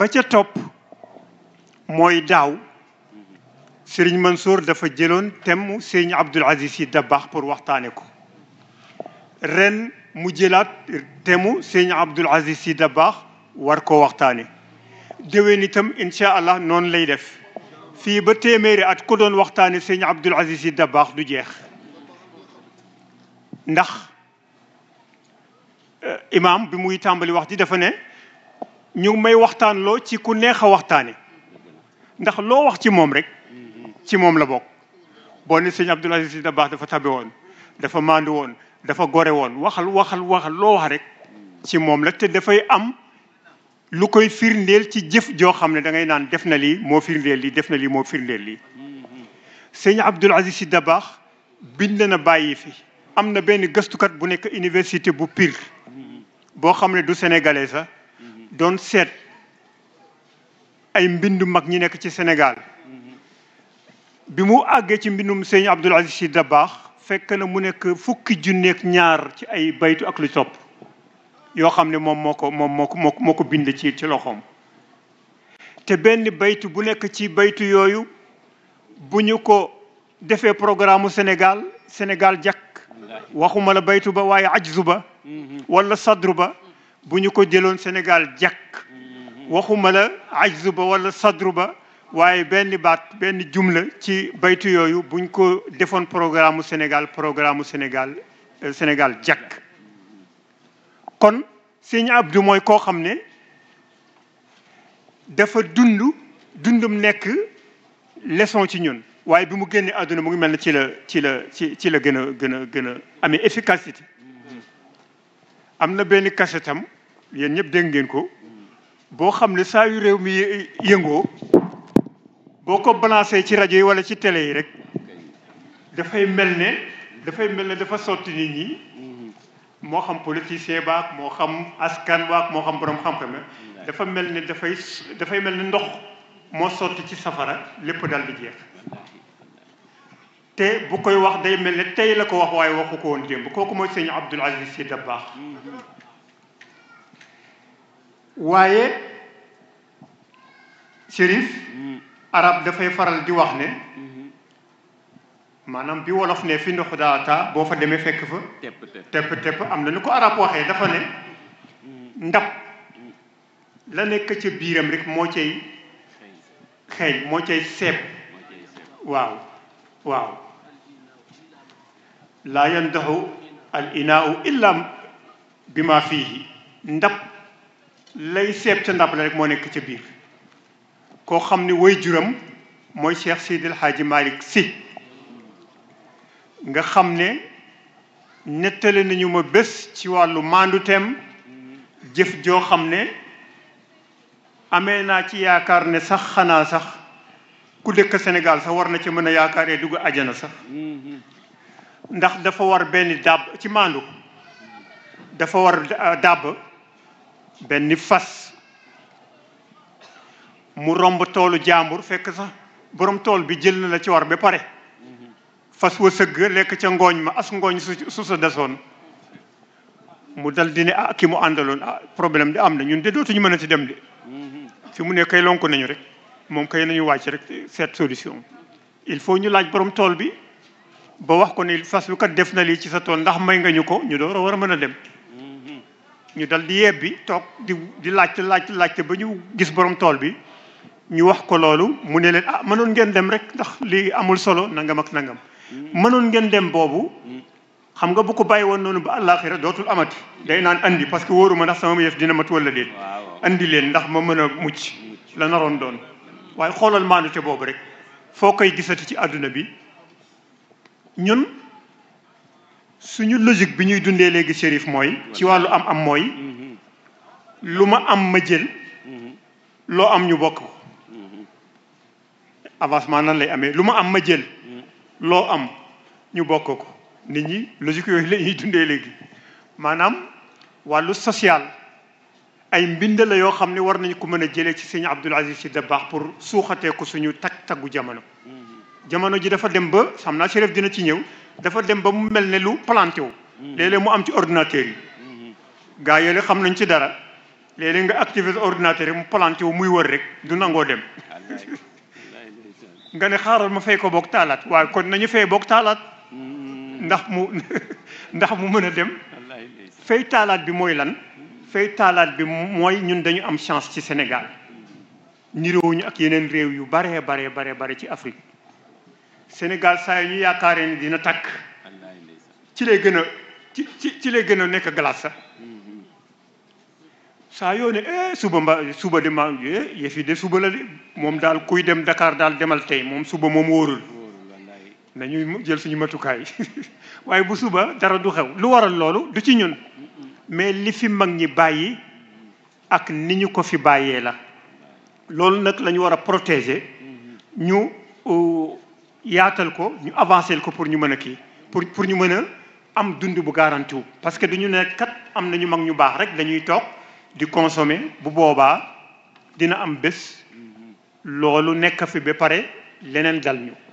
ba ca topp mooy daaw sëriñ Mansour dafa jëloon thème sëriñ Abdul Aziz Sy pour waxtaane ko ren mu jëlaat thème sëriñ Abdul Aziz Sy Dabakh war koo waxtaane déwén itam incha allah noonu lay def fii ba téeméeri at ko doon waxtaane sëriñ Abdul Aziz Sy Dabakh du jeex ndax euh, imaam bi muy tàmbali wax ji dafa ne ñu may waxtaan loo ci ku neex a waxtaane ndax loo wax ci moom rek ci moom la bokk boo ne sëñ Abdoul Aziz Sy Dabakh dafa tabe woon dafa maandu woon dafa gore woon waxal waxal waxal loo wax rek ci moom la te dafay am lu koy firndeel ci jëf joo xam ne da ngay naan def na lii moo firndeel lii def na lii moo firndeel lii sëñ Abdoul Aziz Sy Dabakh bind na bàyyi fi am na benn gëstukat bu nekk université bu Pire boo xam ne du sénégalais sax doon seet ay mbindu mag ñi nekk ci Sénégal bi mu àggee ci mbindum sëñ Abdoul Aziz Sy Dabakh fekk na mu nekk fukki junneeg ñaar ci ay baytu ak lu topp yoo xam ne moom moo ko moo ko bind ci ci loxoom te benn baytu bu nekk ci baytu yooyu bu ñu ko defee programme mu Sénégal Sénégal jakk waxuma la baytu ba waaye ajzu ba mm-hmm. wala sadru ba bu ñu ko jëloon Sénégal jàkk waxuma la ajzu ba wala sadru ba waaye benn baat benn jumla ci baytu yooyu buñ ko defoon programme mu Sénégal programme mu Sénégal euh, Sénégal jàkk kon sëñ Abdou mooy koo xam ne dafa dund dundum nekk leçon ci ñun waaye bi mu génnee àdduna mu ngi mel ne ci la ci la ci ci la gën a gën a gën a amee efficacité am na benn kasetam yéen ñëpp dégg ngeen ko boo xam ne saa yu réew mi yëngoo boo ko balancé ci rajo yi wala ci télé yi rek dafay mel ne dafay mel ne dafa sotti nit ñi moo xam politicien baax moo xam askan waak moo xam borom xam-xam dafa mel ne dafay dafay mel ne ndox moo sotti ci safara lépp daal di jeex te bu koy wax day mel ne tey la ko wax waaye waxu ko woon démb kooku mooy sëñ Abdul Aziz Sy Dabakh waaye Chérif arab dafay faral di wax ne maanaam bi wolof ne fi ndox daata boo fa demee fekk fa tepp tepp am na nu ko arab waxee dafa ne ndab la nekk ca biiram rek moo cay xeeñ moo cay seeb waaw waaw laa yandaxu al inaau illa bi ma fiihi ndab lay seeb ca ndab la rek moo nekk ca biir koo xam ne way juram mooy Cheikh Seydil Hadji Malick Sy nga xam ne nettali nañu ma bés ci wàllu maanduteem jëf joo xam ne amee naa ci yaakaar ne sax xanaa sax ku dëkk Sénégal sax war na ci mën a yaakaaree dugg ajana sax mm-hmm. ndax dafa war benn dàbb ci maandu dafa war euh, dàbb benn fas mu romb toolu jàmbur fekk sax borom tool bi jël na la ci war ba pare fas wa sëgg lekk ca ngooñ ma as ngooñ su sa desoon mu dal di ne ah ki mu àndaloon ah problème di am na ñun de dootuñu mën a ci dem de fi mu ne kay lonku nañu rek moom kay nañu wàcc rek seet solution il faut ñu laaj borom tool bi ba wax ko ni sas wi kat def na lii ci sa tool ndax may nga ñu ko ñu door a war a mën a dem mm-hmm. ñu dal di bi toog di di laajte laajte laajte ba ñu gis borom tool bi ñu wax ko loolu mu ne leen ah mënoon ngeen dem rek ndax lii amul solo nangam ak nangam mm-hmm. mënoon ngeen dem boobu mm-hmm. xam nga bu ko bàyyi woon noonu ba àllaaxira dootul amati day naan andi parce que wóoruma ndax sama yëf dina mat wala déet andi leen ndax ma mën a mucc la naroon doon waaye xoolal maanute boobu rek foo koy gisati ci àdduna bi ñun suñu logique bi ñuy dundee léegi shérif mooy ci wàllu am am mooy lu ma am ma jël loo am ñu bokk ko avancement lay amee lu ma am ma loo am ñu bokk ko nit ñi logique yooyu la ñuy dundee léegi maanaam wàllu social ay mbind yoo xam ne war nañ ko mën a jëlee ci sëñ Abdoul Aziz Sy Dabakh pour suuxatee ko suñu tag tagu jamono jamono ji dafa dem ba xam naa chérif dina ci ñëw dafa dem ba mu mel ne lu planté wu. Mm-hmm. léeg mu am ci ordinateur yi. Mm-hmm. gaa yooyu xam nañ ci dara léeg nga activé ordinateur yi mu planté wu muy wër rek du nangoo dem. nga ne xaaral ma fay ko book taalaat waaye kon nañu fay boog taalaat. Mm-hmm. ndax mu ndax mu mën a dem. fay taalaat bi mooy lan. fay taalaat bi mooy ñun dañu am chance ci Sénégal. niroowuñu ak yeneen réew yu baree baree baree bare ci Afrique. Sénégal saa yi ñu yaakaaree ni dina takk ci lay gën a ci ci lay gën a nekk glace sax mm-hmm. saa yoo ne eh suba suba de ma eh, yëf yi de suba la de moom daal kuy dem Dakar daal demal tey moom suba moom wóorul nañuy jël suñu matukaay waaye bu suba dara du xew lu waral loolu du ci ñun mais li fi mag ñi bàyyi ak ni ñu ko fi bàyyee la loolu nag lañu ñu war a protéger mm-hmm. ñu euh, yaatal ko ñu avancé ko pour ñu mën a kii pour pour ñu mën a am dund bu garanti wu. parce que du ñu ne am na ñu mag ñu baax rek dañuy toog di consommer bu boobaa dina am bés mm-hmm. loolu nekk fi ba pare leneen dal ñu.